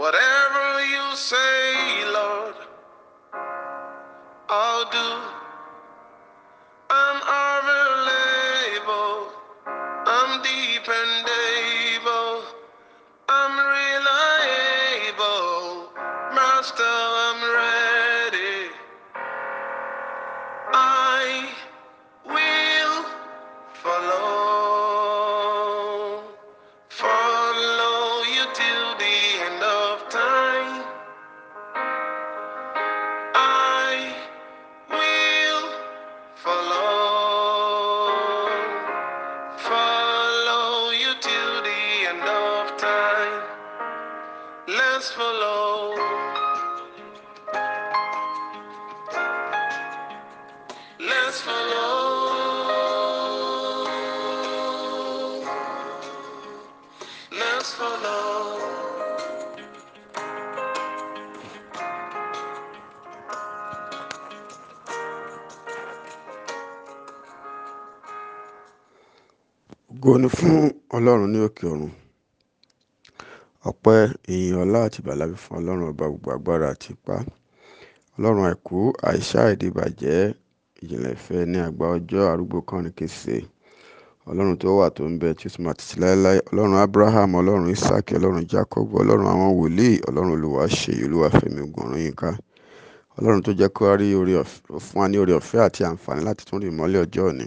Whatever you say, Lord, I'll do. I'm available. I'm dependable. I'm reliable. Master, I'm ready. Ògo ni fún Ọlọ́run ní òkè ọ̀run. Ọpẹ́ ìyìn ọlá àti ìbàlábí fún Ọlọ́run ọba gbogbo agbára àti ipá. Ọlọ́run àìkú àìsà ìdìbàjẹ́ ìjìnlẹ̀ ìfẹ́ ní àgbà ọjọ́ arúgbó kọrin kése. Ọlọ́run tó wà tó ń bẹ tí ó sì máa títí láéláé. Ọlọ́run Ábúráhámù, Ọlọ́run Ísákì, Ọlọ́run Jákọ́bù, Ọlọ́run àwọn wòlíì, Ọlọ́run Olúwa ṣe Olúwa fẹ̀mí ogun ọ̀run Ọlọ́run tó jẹ́ kó rí orí ọ̀fẹ́ fún wa ní orí ọ̀fẹ́ àti àǹfààní láti tún rí ìmọ́lẹ̀ ọjọ́ òní.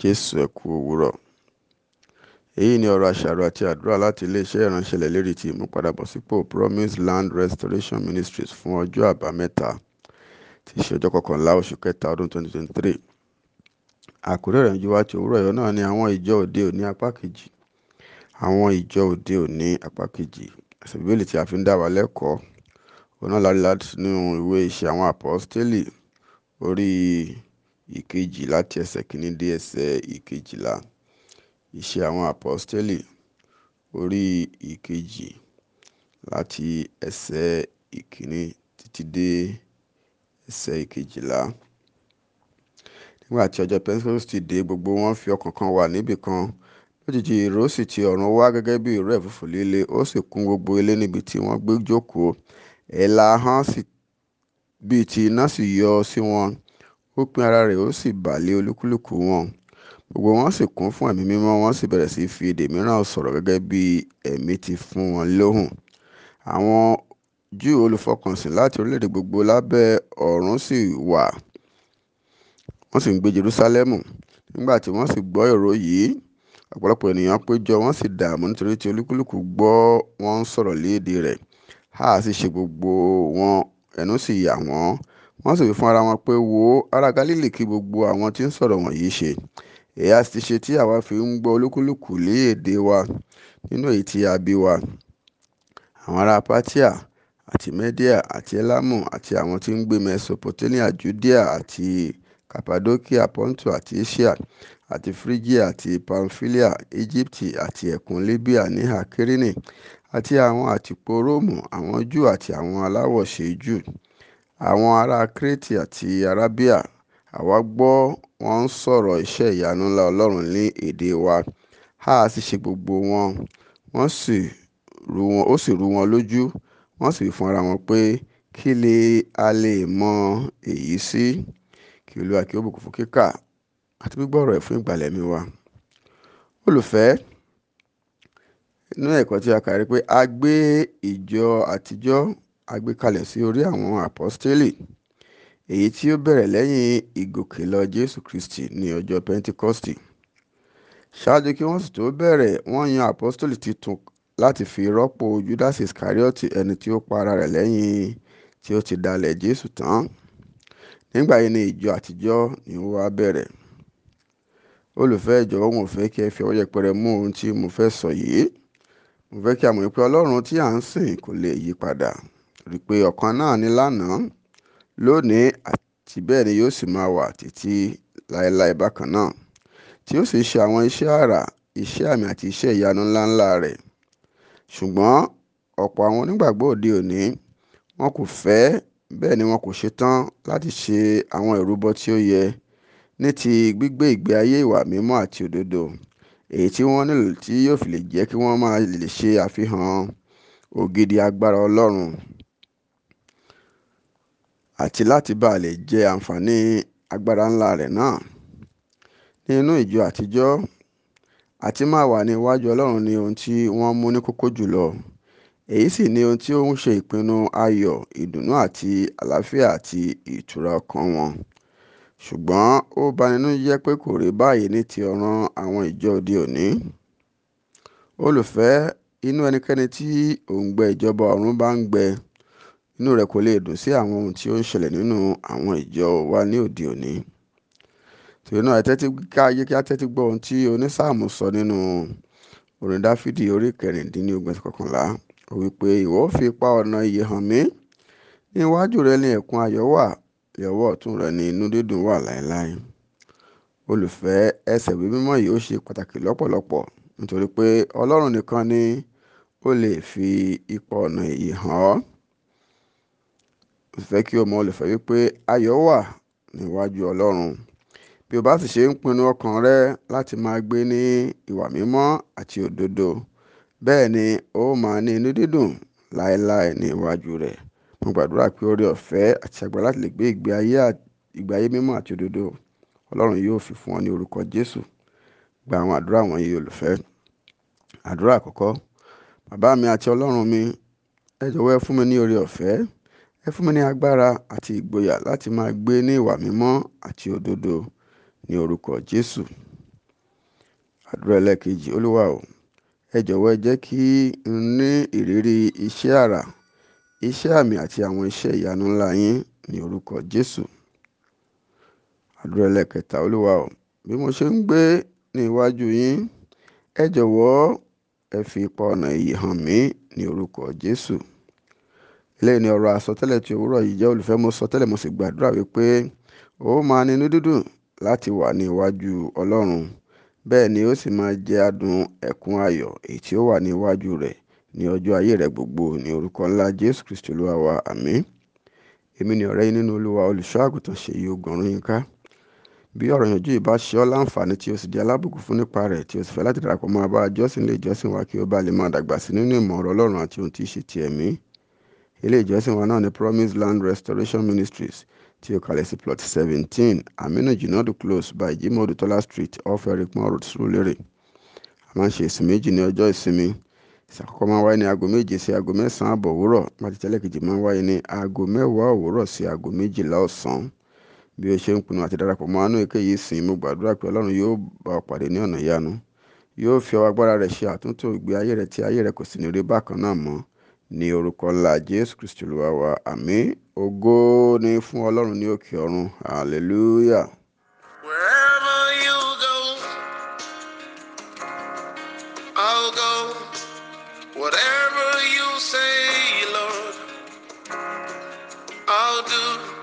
Jésù ẹ òwúrọ̀ èyí ni ọ̀rọ̀ àṣàrò àti àdúrà láti iléeṣẹ́ ìránṣẹ́ ìlérí ti ìmúpadàbọ̀sípò promise land restoration ministries fún ọjọ́ àbámẹ́ta tí í ṣe ọjọ́ kọkànlá oṣù kẹta ọdún 2023 àkórí ọ̀rọ̀ ìjọba ti òwúrọ̀ ẹ̀yọ́ náà ni àwọn ìjọ òde òní apá kejì àwọn ìjọ òde òní apá kejì ẹsẹ̀ bíbélì tí a fi ń dá wa lẹ́kọ̀ọ́ òun náà láti láti nínú ìwé iṣẹ́ àwọn àpọ́stélì orí ìkejì láti ẹsẹ̀ kìíní dé ẹsẹ̀ ìkejìlá Ìṣe àwọn Àpọ́stélì orí ìkejì láti ẹsẹ̀ ìkíní títí dé ẹsẹ̀ ìkejìlá. Nígbà tí ọjọ́ Pentecosti dé gbogbo wọn fi ọkàn kan wà níbì kan. Lójijì ìró sì ti ọ̀run wá gẹ́gẹ́ bí ìró ẹ̀fúùfù líle ó sì kún gbogbo ilé níbi tí wọ́n gbé jókòó. Ẹ̀là ahọ́n bíi ti iná sì yọ sí wọn, ó pín ara rẹ̀ ó sì bà lé olúkúlùkù wọn gbogbo wọn sì kún fún ẹ̀mí mímọ́ wọ́n sì bẹ̀rẹ̀ sí fi èdè mìíràn sọ̀rọ̀ gẹ́gẹ́ bí ẹ̀mí ti fún wọn lóhùn àwọn júù olùfọkànsìn láti orílẹ̀-èdè gbogbo lábẹ́ ọ̀run sì wà wọ́n sì ń gbé jerúsálẹ́mù nígbà tí wọ́n sì gbọ́ èrò yìí ọ̀pọ̀lọpọ̀ ènìyàn péjọ wọ́n sì dààmú nítorí tí olúkúlùkù gbọ́ wọ́n ń sọ̀rọ̀ léde rẹ̀ a sì ṣe gbogbo wọn ẹnu sì yà wọ́n wọ́n sì wí fún ara wọn pé wo ará Galili kí gbogbo àwọn tí ń sọ̀rọ̀ wọ̀nyí ṣe èyí ti ṣe tí àwa fi ń gbọ́ olúkúlùkù lé èdè wa nínú èyí tí a bí wa àwọn ará pátíà àti mẹ́díà àti elamu àti àwọn tí ń gbé mesopotamia judea àti cappadocia pontus àti asia àti phrygia àti pamphylia egypt àti ẹkùn libya ní akirini àti àwọn àtìpó róòmù àwọn jù àti àwọn aláwọ̀ṣe jù àwọn ará crete àti arabia àwa gbọ́ wọ́n ń sọ̀rọ̀ iṣẹ́ ìyanu ńlá Ọlọ́run ní èdè wa, a sì ṣe gbogbo wọn, wọ́n sì ó sì rú wọn lójú, wọ́n sì wí fún ara wọn pé, “Kí ni a lè mọ èyí sí?” Kí Olúwa kí ó bùkún fún kíkà àti gbígbọ́ ọ̀rọ̀ rẹ̀ fún ìgbàlẹ̀ mi wa. Olùfẹ́, nínú ẹ̀kọ́ tí a kà rí pé a gbé ìjọ àtijọ́, a gbé kalẹ̀ sí orí àwọn àpọ́stélì èyí tí ó bẹ̀rẹ̀ lẹ́yìn ìgòkèlọ jésù kristi ní ọjọ́ pentikọ́stì ṣáájú kí wọ́n sì tó bẹ̀rẹ̀ wọ́n yan apọ́sítólì tuntun láti fi rọ́pò judas iscariot ẹni tí ó para rẹ̀ lẹ́yìn tí ó ti dalẹ̀ jésù tán nígbà yìí ni ìjọ àtijọ́ ni ó wá bẹ̀rẹ̀ olùfẹ́ ìjọ̀wọ́ mo fẹ́ kí ẹ fi ọwọ́ yẹpẹrẹ mú ohun tí mo fẹ́ sọ yìí mo fẹ́ kí a mọ̀ pé ọlọ́run tí à ń sìn kò lè yí padà rí i pé ọ̀kan náà ni lánàá lónìí àti bẹ́ẹ̀ ni yóò sì máa wà títí láéláé bákan náà tí ó sì ṣe àwọn iṣẹ́ àrà iṣẹ́ àmì àti iṣẹ́ ìyanu ńláńlá rẹ̀ ṣùgbọ́n ọ̀pọ̀ àwọn onígbàgbọ́ òde òní wọn kò fẹ́ bẹ́ẹ̀ ni wọn kò ṣetán láti ṣe àwọn ìrúbọ tí ó yẹ ní ti gbígbé ìgbé ayé ìwà mímọ́ àti òdodo èyí tí wọ́n nílò tí yóò fi lè jẹ́ kí wọ́n máa lè ṣe àfihàn ògidì agbára Ọlọ́run àti láti bá a lè jẹ àǹfààní agbára ńlá rẹ̀ náà. Nínú ìjọ àtijọ́, àti máa wà ní iwájú Ọlọ́run ni ohun tí wọ́n mú ní kókó jùlọ. Èyí sì ni ohun tí ó ń ṣe ìpinnu ayọ̀, ìdùnnú àti àlàáfíà àti ìtura ọkàn wọn. Ṣùgbọ́n ó banínú jẹ́ pé kò rí báyìí ní ti ọ̀ràn àwọn ìjọ òde òní. Olùfẹ́, inú ẹnikẹ́ni tí òǹgbẹ ìjọba ọ̀run bá ń gbẹ, inú rẹ̀ kò lè dùn sí àwọn ohun tí ó ń ṣẹlẹ̀ nínú àwọn ìjọ wa ní òde òní tòun náà tẹ́tí ká yé kí á tẹ́tí gbọ́ ohun tí onísáàmù sọ nínú orin dáfídì orí kẹrìndínlógún kọkànlá ó wípé ìwọ fi ipa ọ̀nà ìyè hàn mí ní iwájú rẹ ní ẹ̀kún ayọ̀ wà ìyọ̀wọ́ ọ̀tún rẹ ní inú dídùn wà láéláé olùfẹ́ ẹsẹ̀ ìwé mímọ́ yìí ó ṣe pàtàkì lọ́pọ̀lọpọ̀ nítorí pé ọlọ́run nìkan ni ó lè fi ipa ọ̀nà ìyè hàn ọ́ mo sì fẹ́ kí o mọ olùfẹ́ wípé ayọ̀ wà níwájú ọlọ́run bí o bá sì ṣe ń pinnu ọkàn rẹ láti máa gbé ní ìwà mímọ́ àti òdodo bẹ́ẹ̀ ni ó máa ní inú dídùn láéláé ní iwájú rẹ̀ mo gbàdúrà pé oore ọ̀fẹ́ àti agbára láti lè gbé ìgbé ayé mímọ́ àti òdodo ọlọ́run yóò fi fún ọ ní orúkọ jésù gba àwọn àdúrà wọ̀nyí olùfẹ́ àdúrà àkọ́kọ́ bàbá mi àti ọlọ́run mi ẹ jọ̀wọ́ ẹ fún mi ní oore ọ̀fẹ́ Ẹ fún mi ní agbára àti ìgboyà láti máa gbé ní ìwà mímọ́ àti òdodo ní orúkọ Jésù. Àdúrà ẹlẹ́ẹ̀kejì, Olúwa o, ẹ jọ̀wọ́ ẹ jẹ́ kí n ní ìrírí iṣẹ́ àrà, iṣẹ́ àmì àti àwọn iṣẹ́ ìyanu ńlá yín ní orúkọ Jésù. Àdúrà ẹlẹ́ẹ̀kẹta, Olúwa o, bí mo ṣe ń gbé ní iwájú yín, ẹ jọ̀wọ́ ẹ fi ipa ọ̀nà ìyè hàn mí ní orúkọ Jésù eléyìí ni ọ̀rọ̀ àsọtẹ́lẹ̀ ti òwúrọ̀ yìí jẹ́ olùfẹ́ mo sọ tẹ́lẹ̀ mo sì gbàdúrà wípé ó máa ní inú dídùn láti wà ní iwájú ọlọ́run bẹ́ẹ̀ ni ó sì máa jẹ́ adùn ẹ̀kún ayọ̀ èyí tí ó wà ní iwájú rẹ̀ ní ọjọ́ ayé rẹ̀ gbogbo ní orúkọ ńlá jésù kristu olúwa wa àmín èmi ni ọ̀rẹ́ yín nínú olúwa olùṣọ́ àgùntàn ṣèyí ogunrun yín ká bí ọ̀rọ̀ yànjú yìí bá ṣe ọ́ láǹfààní tí o sì di alábùkún fún nípa rẹ̀ tí o sì fẹ́ láti darapọ̀ mọ́ abá lè jọ́sìn wa kí o bá lè máa dàgbà sí nínú ìmọ̀ ọ̀rọ̀ ọlọ́run àti ohun tí í ṣe ti ẹ̀mí ilé ìjọsìn wa náà ní promise land restoration ministries tí ó kalẹ̀ sí plot seventeen aminu jinadu close by jimoh dutola street off erikman road surulere a máa ń ṣe ìsìn méjì ní ọjọ́ ìsinmi ìsàkọ́kọ́ máa ń wáyé ní aago méje sí aago mẹ́sàn-án àbọ̀ òwúrọ̀ mátìtẹ́lẹ̀ kejì máa ń wáyé ní aago mẹ́wàá òwúrọ̀ sí aago méjìlá ọ̀sán bí o ṣe ń pinnu àti darapọ̀ mọ́ àánú èké yìí sìn mo gbàdúrà pé ọlọ́run yóò bá ọ pàdé ní ọ̀nà ìyanu yóò fi ọwọ́ agbára rẹ̀ ṣe àtúntò ìgbé ayé rẹ̀ tí ayé rẹ̀ kò sì ní rí bákan náà mọ́ ní orúkọ ńlá jésù kristu olúwa wa àmì ògo ni fún ọlọ́run ní òkè ọ̀run hallelujah. wherever you go i'll go whatever you say lord i'll do.